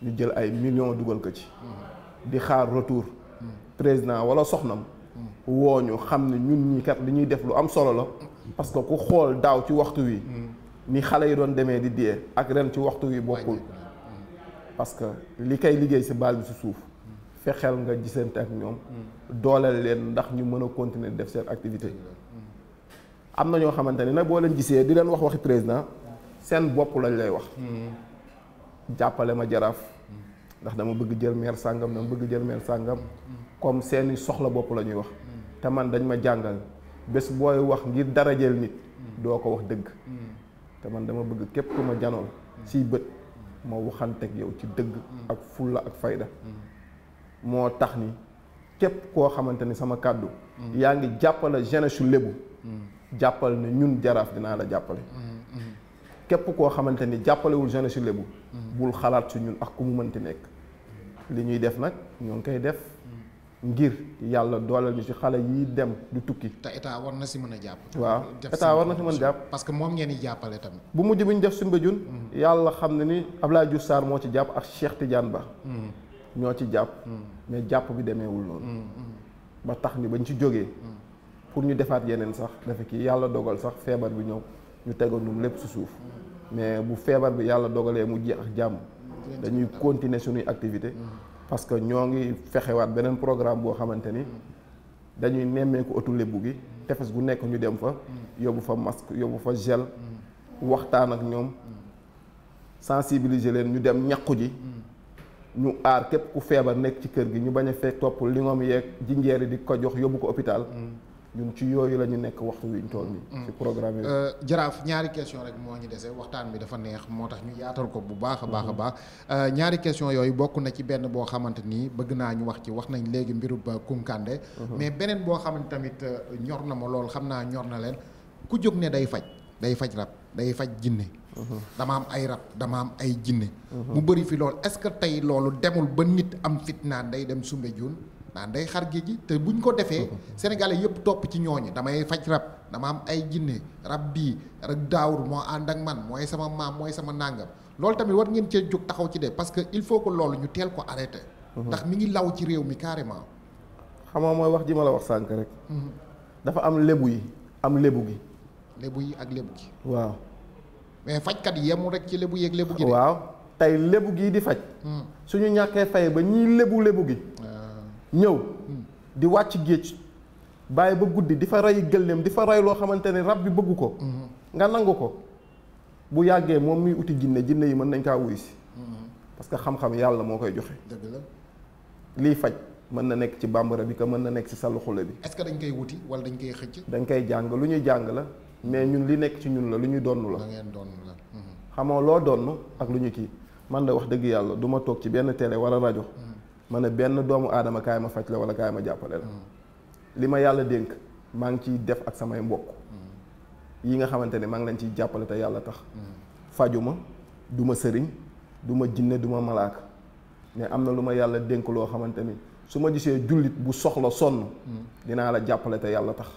ñu jël ay millions dugal ko ci di xaar retour président wala soxnam woo ñu xam ne ñun ñii kat li ñuy def lu am solo la ku xool daaw ci waxtu wi ni xale yi doon demee di diyee ak ren ci waxtu wi bokkul parce que li kay liggéey si baal bi si suuf fexeel nga gisante ak ñoom dooleel leen ndax ñu mën a continuer def seen activité am na ñoo xamante ni nag boo leen gisee di leen wax waxi président seen bopp lañ lay wax jàppale ma jaraaf ndax dama bëgg jël maire sàngam dama bëgg jël maire sàngam comme seeni soxla bopp la ñuy wax te man dañ ma jàngal bés booy wax ngir dara jël nit doo ko wax dëgg te man dama bëgg képp ku ma janoon siy bët ma waxanteeg yow ci dëgg ak fulla ak fayda moo tax ni képp koo xamante ni sama kàddu yaa ngi jàppale jeunesse su lébu jàppal ne ñun jaraaf dinaa la jàppale képp koo xamante ni jàppalewul jeunesse su lébu bul xalaat su ñun ak ku mu mënti nekk li ñuy def nag ñoo ngi koy def ngir yàlla dooleel ñu ci xale yi dem du tukki. te état war na si mën a jàpp. waaw état war na si jàpp. parce que moom ngeen di jàppale tamit. bu mujj bi ñu def Soumbédioune. Mm-hmm. yàlla xam na ni Abdoulaye Diouf saar moo ci jàpp ak Cheikh Tidiane Ba. Mm-hmm. ñoo ci jàpp. Mm-hmm. mais jàpp bi demeewul noonu. ba tax ni bañ ci jógee. pour ñu defaat yeneen sax dafa kii yàlla dogal sax feebar bi ñëw ñu tegoon lépp su suuf. mais bu feebar bi yàlla dogalee mu jeex ak jàmm. dañuy continuer suñuy activité parce que ñoo ngi fexewaat beneen programme boo xamante ni dañuy nemmeeku otu lébbu gi tefes gu nekk ñu dem fa yóbbu fa mask yóbbu fa gel waxtaan ak ñoom sensibiliser leen ñu dem ñàqu ji ñu aar képp ku feebar nekk ci kër gi ñu bañ a fee topp li ngoom yeeg jinjeer yi di ko jox yóbbu ko hôpital ñun ci yooyu la ñu nekk waxtu wi ñu toll nii. Mm. ci programme yi. Euh, jaraaf ñaari question rek moo ñu dese waxtaan bi dafa neex moo tax ñu yaatal ko bu baax a baax a mm-hmm. baax euh, ñaari question yooyu bokk na ci benn boo xamante nii bëgg naa ñu wax ci wax nañ léegi mbiru mbirub euh, Kunkande. Mm-hmm. mais beneen boo xamante tamit ñor na ma lool xam naa ñor na leen ku jóg ne day faj day faj rab day faj jinne mm-hmm. dama am ay rab dama am ay jinne mu bëri fi lool est-ce que tey loolu demul ba nit am fitnaan day dem Soumbédioune naan day xar géej gi te buñ ko defee mm-hmm. sénégalais yëpp topp ci ñooñu damay faj rab dama am ay jinne rab bii rek daawur moo ànd ak man mooy sama maam mooy sama nàngam loolu tamit war ngeen cee jóg taxaw ci def parce que il faut que loolu ñu teel ko arrêté mm-hmm. ndax mi ngi law ci réew mi carrément xam nga mooy wax ji ma la wax sànk rek mm-hmm. dafa am lébu yi am lébu gi lébu yi ak lébu gi waaw mais fajkat yi yemul rek ci lébu yi ak lébu gi waaw tey lébu gii di faj mm. suñu ñàkkee fay ba ñii lébu lébu gi ñëw di wàcc géej bàyyi ba guddi di fa ray gëléem di fa ray loo xamante ne rab bi bëgg ko nga nangu ko bu yàggee moom muy uti jinne jinne yi mën nañ kaa wuyu si parce que xam-xam yàlla moo koy joxe dëgg la lii faj mën na nekk ci bambara bi ko mën na nekk ci salu xule bi est-ce que dañ koy wuti wala dañ koy xëcc dañ koy jàng lu ñuy jàng la mais ñun li nekk ci ñun la lu ñuy donn la ngeen donn la xamoo loo donn ak lu ñu kii man da wax dëgg yàlla du ma toog ci benn télé wala rajo ma ne benn doomu aadama kaay ma faj la wala kaay ma jàppale la li ma yàlla dénk maa ngi ciy def ak samay mbokk yi nga xamante ne maa ngi leen ciy jàppale te yàlla tax fajuma du ma sëriñ du ma jinne du ma malaaka mais am na lu ma yàlla dénk loo xamante ni su ma gisee jullit bu soxla sonn dinaa la jàppale te yàlla tax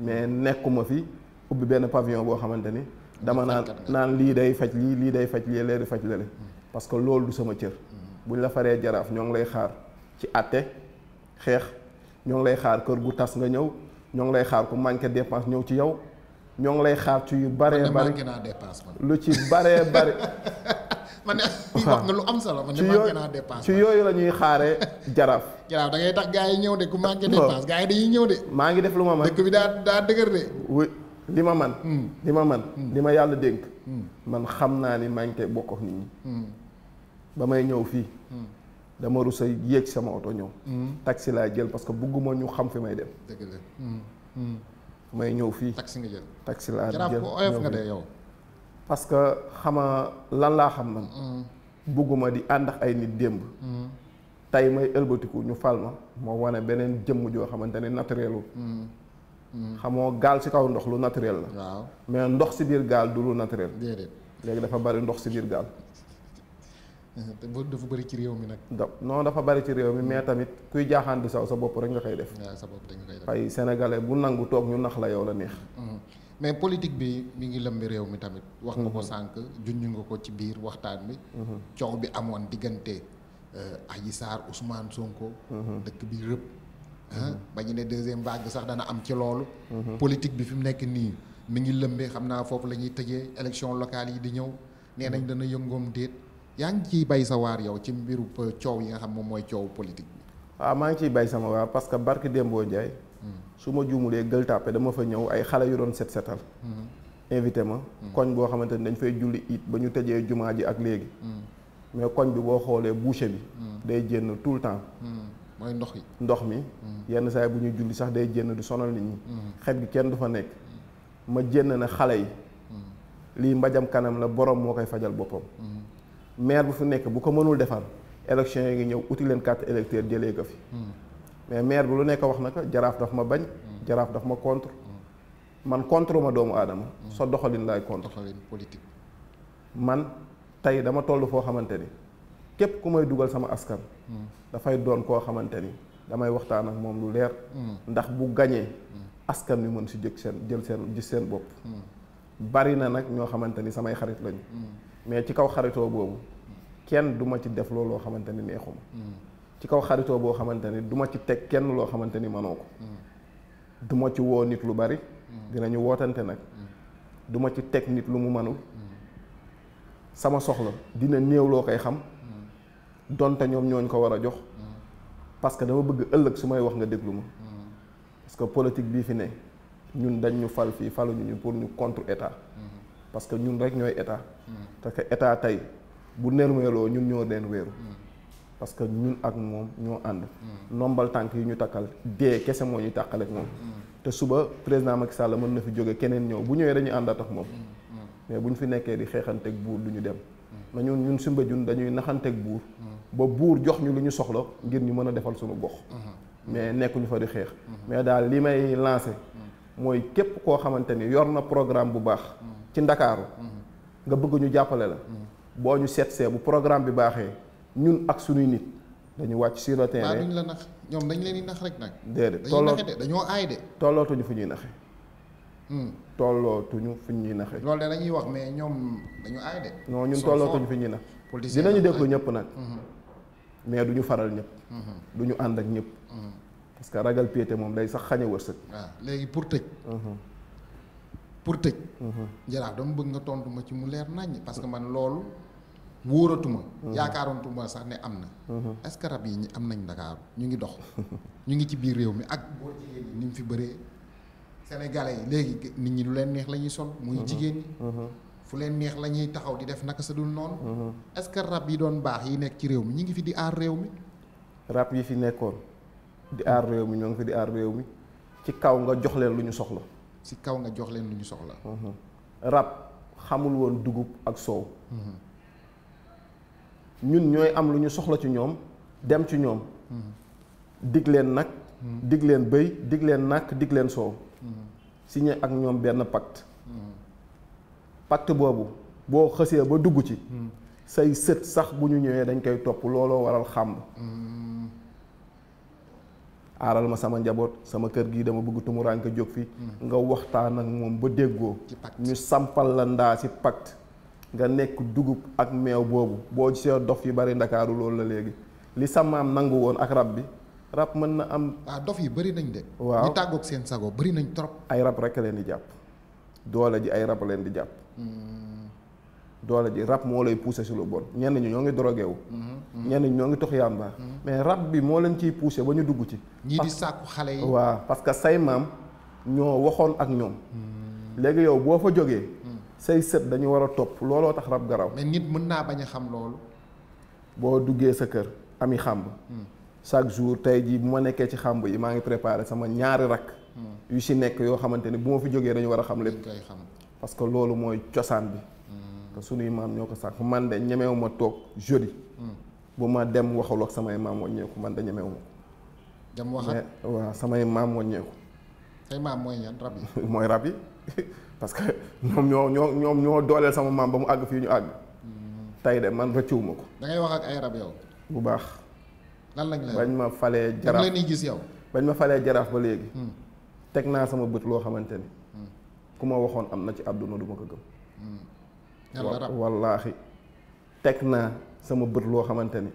mais nekkuma fi ubbi benn pavillon boo xamante ni dama naan naan lii day faj lii lii day faj lii lee di faj lale parce que loolu du sama cër buñ la faree jaraaf ñoo ngi lay xaar ci àtte xeex ñoo ngi lay xaar kër gu tas nga ñëw ñoo ngi lay xaar ku manqué dépense ñëw ci yow ñoo ngi lay xaar ci yu baree bari lu ci baree bari man wax nga lu am solo man manqué naa dépense ci yooyu la ñuy xaaree jaraaf jaraaf da ngay tax gars yi ñëw de ku manqué dépense gaa yi dañuy ñëw de maa ngi def lu ma man dëkk bi daa daa dëgër de li ma man hmm. li ma man hmm. li ma yàlla dénk hmm. man xam naa ni manqué bokk ak nit ñi ba may ñëw fii hmm. dama rusa yéeg sama oto ñëw hmm. taxi laa jël parce que bugguma ñu xam fi may dem dëgg hmm. may ñëw fii taxi nga jël taxi laa jël oyof de yow parce que xama lan laa xam man bugguma di ànd ay nit démb tey may ëlbatiku ñu fal ma moo wane beneen jëmm joo xamante ne naturelu xamoo gaal ci kaw ndox lu naturel la waaw mais ndox si biir gaal du lu naturel léegi dafa bari ndox si biir gaal te dafa bëri ci réew mi nag. donc non dafa bari ci réew mi mais tamit kuy jaaxaan di saw sa bopp rek nga koy def. waaw sa bopp rek nga koy def. ay sénégalais bu nangu toog ñu nax la yow la neex. Mm-hmm. mais politique bi mi ngi lëmbi réew mi tamit. wax nga ko mm-hmm. sànq junj nga ko ci biir waxtaan bi. Mm-hmm. coow bi amoon diggante euh, Adji Sarr Ousmane Sonko. dëkk bi rëpp. Ah, ba ñu ne deuxième vague sax dana am ci loolu. politique bi fi mu nekk nii mi ngi lëmbee xam naa foofu la ñuy tëjee élection locale yi di ñëw nee nañ dana yëngoom déet. yaa ngi ciy bay sa waar yow ci mbiru euh, coow yi nga xam moom mooy coow politique bi. waaw ah, maa ngi ciy bay sama waar parce que barki Dembo Ndiaye. Hmm. su ma juumulee Gueule Tapée dama fa ñëw ay xale yu doon set setal. Hmm. invité ma. Hmm. koñ boo xamante ne dañ fay julli it ba ñu tëjee jumaa ji ak léegi. mais koñ bi boo xoolee boucher bi. day jénn tout le temps. mooy ndox yi ndox mi. yenn saa yi bu ñuy julli sax day jénn du sonal nit ñi. xet gi kenn du fa nekk. ma jénn na xale yi. lii mbajam kanam la borom moo koy fajal boppam. maire bu fi nekk bu ko mënul defar élection yi ngi ñëw uti leen carte électeur jëlee ko fi. mais maire bi lu nekk wax na ko jaraaf daf ma bañ. jaraaf daf ma contre. man contre ma doomu aadama. sa doxalin laay contre. doxalin politique. man tey dama toll foo xamante ni képp ku may dugal sama askan. dafay doon koo xamante ni damay waxtaan ak moom lu leer. ndax bu gañee askan wi mën si jëkk seen jël seen gis seen bopp. bari na nag ñoo xamante ni samay xarit lañu. mais ci kaw xaritoo boobu kenn du ma ci def loolu loo xamante ni neexuma ci kaw xaritoo boo xamante ni du ci teg kenn loo xamante ni mënoo ko duma ci woo nit lu bari dinañu wootante nag duma ci teg nit lu mu mënul sama soxla dina néew loo koy xam donte ñoom ñooñ ko war a jox parce que dama bëgg ëllëg su may wax nga déglu ma parce que politique bii fi ne ñun dañ ñu fal fii faluñu ñu pour ñu contre état parce que ñun rek ñooy état parce que état tey bu nermeeloo ñun ñoo leen wéeru mm. parce que ñun ak moom ñoo ànd mm. nombal tànk yi ñu takkal dee kese moo ñu tàqale ak moom mm. te suba président Macky Sall mën na fi jóge keneen ñëw bu ñëwee dañuy àndaat ak moom mais bu ñu fi nekkee di xeexanteeg buur du ñu dem na ñun ñun sumba jun dañuy naxanteeg buur ba buur jox ñu lu ñu soxla ngir ñu mën a defal suñu gox mm-hmm. Mm-hmm. mais nekkuñu fa di xeex mm-hmm. mais daal li may lancé mooy képp koo xamante ni yor na programme bu baax ci Ndakaaru nga bëgg ñu jàppale la boo ñu seetsee bu programme bi baaxee ñun ak suñuy nit dañu wàcc sur le terrain la nax ñoom dañ leen nax rek nag déedéet tolloo dañoo aay de tollootuñu fu ñuy nax hmm. tollootuñu fu ñuy naxe loolu de dañuy wax mais ñoom dañu aay de non ñun tollootuñu fu ñuy nax dinañu déglu ñëpp nag hmm. mais du ñu faral ñëpp hmm. du ñu ànd ak ñëpp parce que ragal piété moom day sax xañe wërsëg waaw léegi pour tëj pour tëj. Mhm. jaraaf dama bëgg nga tontuma ci mu leer naññ parce que man loolu wóoratuma. Mhm. yaakaarantuma sax ne am na. Mhm. est-ce que rab yi am nañ Dakar ñu ngi dox. ñu ngi ci biir réew mi ak boo jigéen ñi ni mu fi bëree. Sénégalais yi léegi nit ñi lu leen neex lañuy ñuy sol. muy jigéen ñi. fu leen neex la ñuy taxaw di def naka sa dul noonu. est-ce que rab yi doon baax yi nekk ci réew mi ñu ngi fi di aar réew mi. rab yi fi nekkoon di aar réew mi ñoo ngi fi di aar réew mi ci kaw nga jox leen lu ñu soxla. si kaw nga jox leen lu ñu soxla. Mhm. rab xamul woon dugub ak soow. Mhm. ñun ñooy am lu ñu soxla ci ñoom dem ci ñoom. Mhm. dig leen nag. digg leen bëy digg leen nàkk dig leen soow. signé ak ñoom benn pacte. pacte boobu boo xësee ba dugg ci. say sët sax bu ñu ñëwee dañ koy topp looloo waral xàmb. aaral ma sama njaboot sama kër gi dama bëgg tumuraan ka jóg fi mm. nga waxtaan ak moom ba déggoo ñu sampal la ndaa si pacte nga nekk dugub ak meew boobu boo gisee dof yi bari ndakaaru loolu la léegi li sa nangu woon ak rab bi rab mën na am waaw ah, dof yi bari nañ de waaw ñu tàggoog seen sago bari nañ trop ay rab a leen di jàpp doole ji ay rab leen di jàpp mm. doole ji rab moo lay poussé si lu bon ñenn ñi ñoo ngi drogué wu. Mm-hmm. ñenn ñi ñoo ngi tox yàmba. Mm-hmm. mais rab bi moo leen ciy poussé ba ñu dugg ci. ñii di sàkku xale yi. parce que say maam ñoo waxoon ak ñoom. Mm-hmm. léegi yow boo fa jógee. say sët dañu war a topp looloo tax rab garaw. mais nit mën naa bañ a xam loolu. boo duggee sa kër ami xàmb. Mm. chaque jour tey jii bu ma nekkee ci xàmb yi maa ngi préparé sama ñaari rak. Mm. yu si nekk yoo xamante ni bu ma fi jógee dañu war a xam lépp. parce que loolu mooy cosaan bi. que sunuy maam ñoo ko sàkk man de ñemewu ma toog jeudi. Hmm. bu ma dem waxul ak samay maam wàññeeku man de ñemewu ma. dem waxal waaw samay maam wàññeeku. say maam mooy ñan rab yi. mooy rab yi parce que ñoom ñoo ñoo ñoom ñoo dooleel sama maam ba mu àgg fii ñu àgg. Hmm. tey de man rëccuwu ma ko. da wax ak ay rab yow. bu baax. lan lañ bañ ma falee jaraaf gis yow. bañ ma falee jaraaf ba léegi. Hmm. teg naa sama bët loo xamante ni. ku ma waxoon am na ci àdduna du ma ko gëm. wallaahi teg naa sama bët loo xamante ni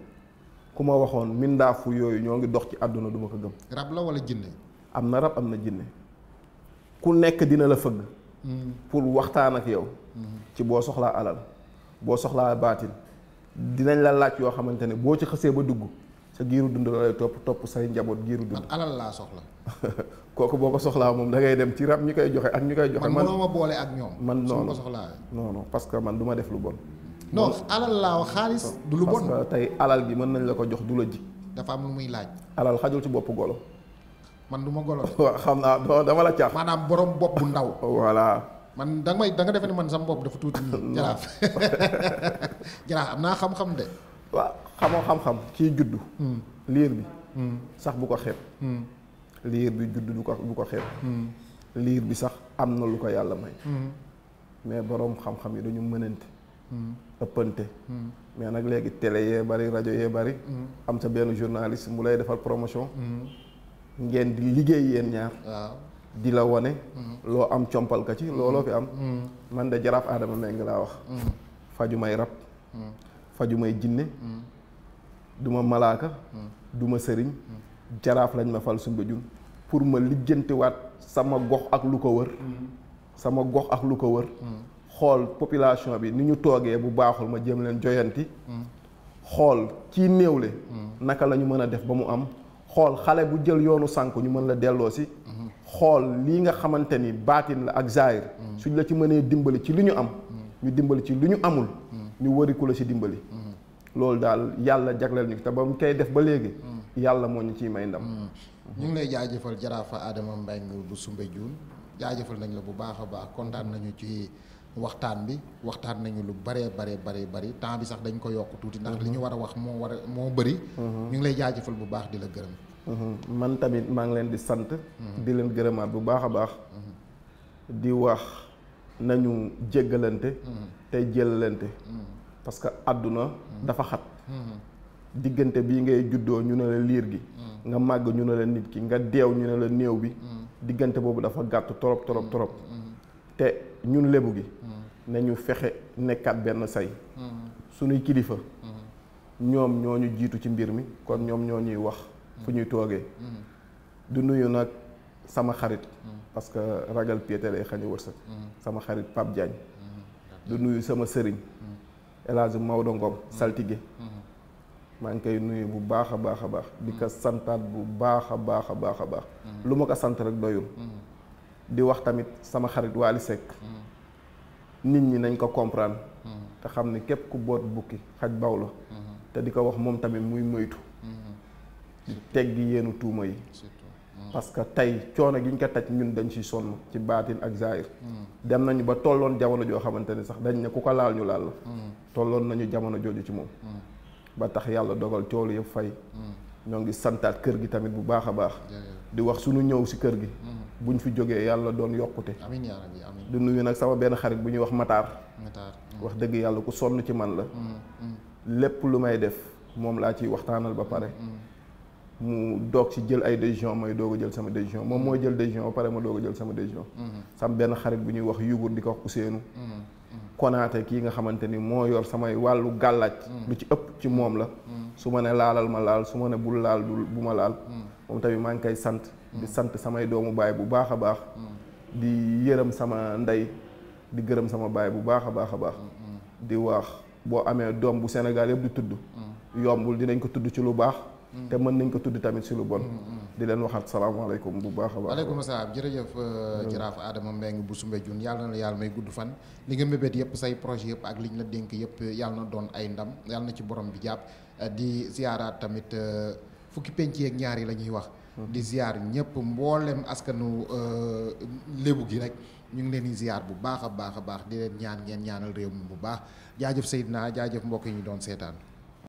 ku ma waxoon mindaafu yooyu ñoo ngi dox ci àdduna duma ko gëm rab la wala jinne am na rab am na jinne ku nekk dina la fëgg hmm. pour waxtaan ak yow hmm. ci boo soxlaa alal boo soxlaa baatin dinañ la laaj yoo xamante ne boo ci xësee ba dugg sa giiru dund la eh, lay topp topp say njaboot giiru dund. alal laa soxla. kooku boo ko soxlaa moom da ngay dem ci rab ñu koy joxe ak ñu koy joxe. man mënoo ma boole ak ñoom. man non ko soxlaa non non parce man du ma def lu bon. non alal laa wax xaalis du lu bon tey alal gi mën nañ la ko jox du la ji. dafa am lu muy laaj. alal xajul ci bopp golo. man du ma golo de. xam naa non dama la maanaam borom bopp bu ndaw. voilà. man da may da nga defe ne man sama bopp dafa tuuti. jaraaf am naa xam-xam de. waaw xamoo xam-xam kii juddu. Hmm. liir bi. Hmm. sax bu ko xeeb. Hmm. liir bi juddu ko bu ko xeeb. bi sax am na lu ko yàlla may. mais boroom xam-xam yi dañu mënante. ëppante. mais nag léegi télé yee bari rajo yee bari. am sa benn journaliste mu lay defal promotion. ngeen di liggéey yéen ñaar. di la wane. loo am compal ka ci looloo fi am. man de jaraaf aadama mee ngi laa wax. faju may rab. faju may jinne mm. duma malaaka mm. duma ma sëriñ mm. jaraaf lañ ma fal Soumbédioune pour ma lijjantiwaat sama gox ak lu ko wër sama gox ak lu ko wër xool population bi ni ñu toogee bu baaxul ma jëm leen joyanti xool kii néewle naka lañu mën a def ba mu am xool xale bu jël yoonu sànk ñu mën la delloo si mm-hmm. xool lii nga xamante ni baatin la ak zaahir suñ la ci mënee dimbali ci li ñu am ñu dimbali ci li ñu amul ñu wari ku la ci dimbali. Mm-hmm. loolu daal yàlla jagleel ñu te ba def ba léegi. Mm-hmm. yàlla moo ñu ciy may ndam. Mm-hmm. ñu ngi lay jaajëfal jaraafa Adama Mbengue bu Soumbédioune jaajëfal nañ bu baax a baax kontaan nañu ci waxtaan bi waxtaan nañu lu bëree bare bare bëri temps bi sax dañ ko yokk tuuti ndax li ñu war a wax war a moo bëri. ñu ngi lay jaajëfal bu baax di la gërëm. man tamit maa ngi leen di sant. di leen gërëmaat bu baax a baax. di wax nañu jéggalante. tey jëlalante parce que àdduna mm-hmm. dafa xat mm-hmm. diggante bii ngay juddoo ñu ne la liir gi mm-hmm. nga màgg ñu ne la nit ki nga deew ñu ne la néew bi diggante boobu dafa gàtt torop torop torop te ñun lebu gi ñu fexe nekkaat benn say suñuy kilifa ñoom ñoo ñu jiitu ci mbir mi kon ñoom ñoo ñuy wax fu ñuy toogee du nuyu nag sama xarit parce que ragal piété lay wërsëg sama xarit Pape Diagne du nuyu sama sëriñ mm-hmm. El Hadj Maodo Ngom mm-hmm. saltige mm-hmm. maa ngi koy nuyu bu baax a baax a baax di ko santaat bu baax a baax a baax a baax lu ma ko sant rek doyul di wax tamit sama xarit Waly Seck nit ñi nañ ko comprendre te xam ne képp ku boot bukki xaj baw la te di ko wax moom tamit muy moytu di tegg yéenu tuuma yi parce que tey coono gi ñu ko taj ñun dañ ci sonn ci baatin ak zaahir dem nañu ba tolloon jamono joo xamante ne sax dañ ne ku ko laal ñu laal tolloon nañu jamono jooju ci moom ba tax yàlla dogal coolu yëpp fay ñoo ngi santaat kër gi tamit bu baax a baax di wax suñu ñëw si kër gi mm-hmm. buñ fi jógee yàlla doon yokkute amiin yaa di nuyu nag sama benn xarit bu ñuy wax Matar mm. wax dëgg yàlla ku sonn ci man la mm-hmm. lépp lu may def moom laa ciy waxtaanal ba pare mm-hmm. mu doog ci jël ay décision may doog a jël sama décision moom moo jël décision ba pare ma doog a jël sama décision. Mm-hmm. sam benn xarit bu ñuy wax yugur di ko wax Ousseynou. Mm-hmm. konaate kii nga xamante ni moo yor samay wàllu gàllaaj mm-hmm. lu ci ëpp ci moom la. su ma ne laalal ma laal su ma ne bul laal bu ma laal. moom tamit maa ngi koy sant. di sant samay doomu baay bu baax a baax. di yërëm sama ndey di gërëm sama baay bu baax a baax a baax. di wax boo amee doom bu Sénégal yëpp di tudd. yombul dinañ ko tudd ci lu baax. te mën nañ ko tudd tamit si lu bon di leen waxaat salaamaaleykum bu baax a baax aleykum salaam euh, jërëjëf jaraaf Adama Mbengue bu Soumbédioune yàlla na yàlla may gudd fan li nga yëpp say projet yëpp ak liñ la dénk yëpp yàlla na doon ay ndam yàlla na ci borom bi jàpp euh, di ziaraat tamit euh, fukki penc yeeg la ñuy wax mm-hmm. di ziar ñëpp mboolem askanu lébu gi rek ñu ngi leen di ziar bu baax a baax a baax di leen ñaan ngeen ñaanal réew mi bu baax jaajëf Seydina jaajëf mbokk yi ñu doon seetaan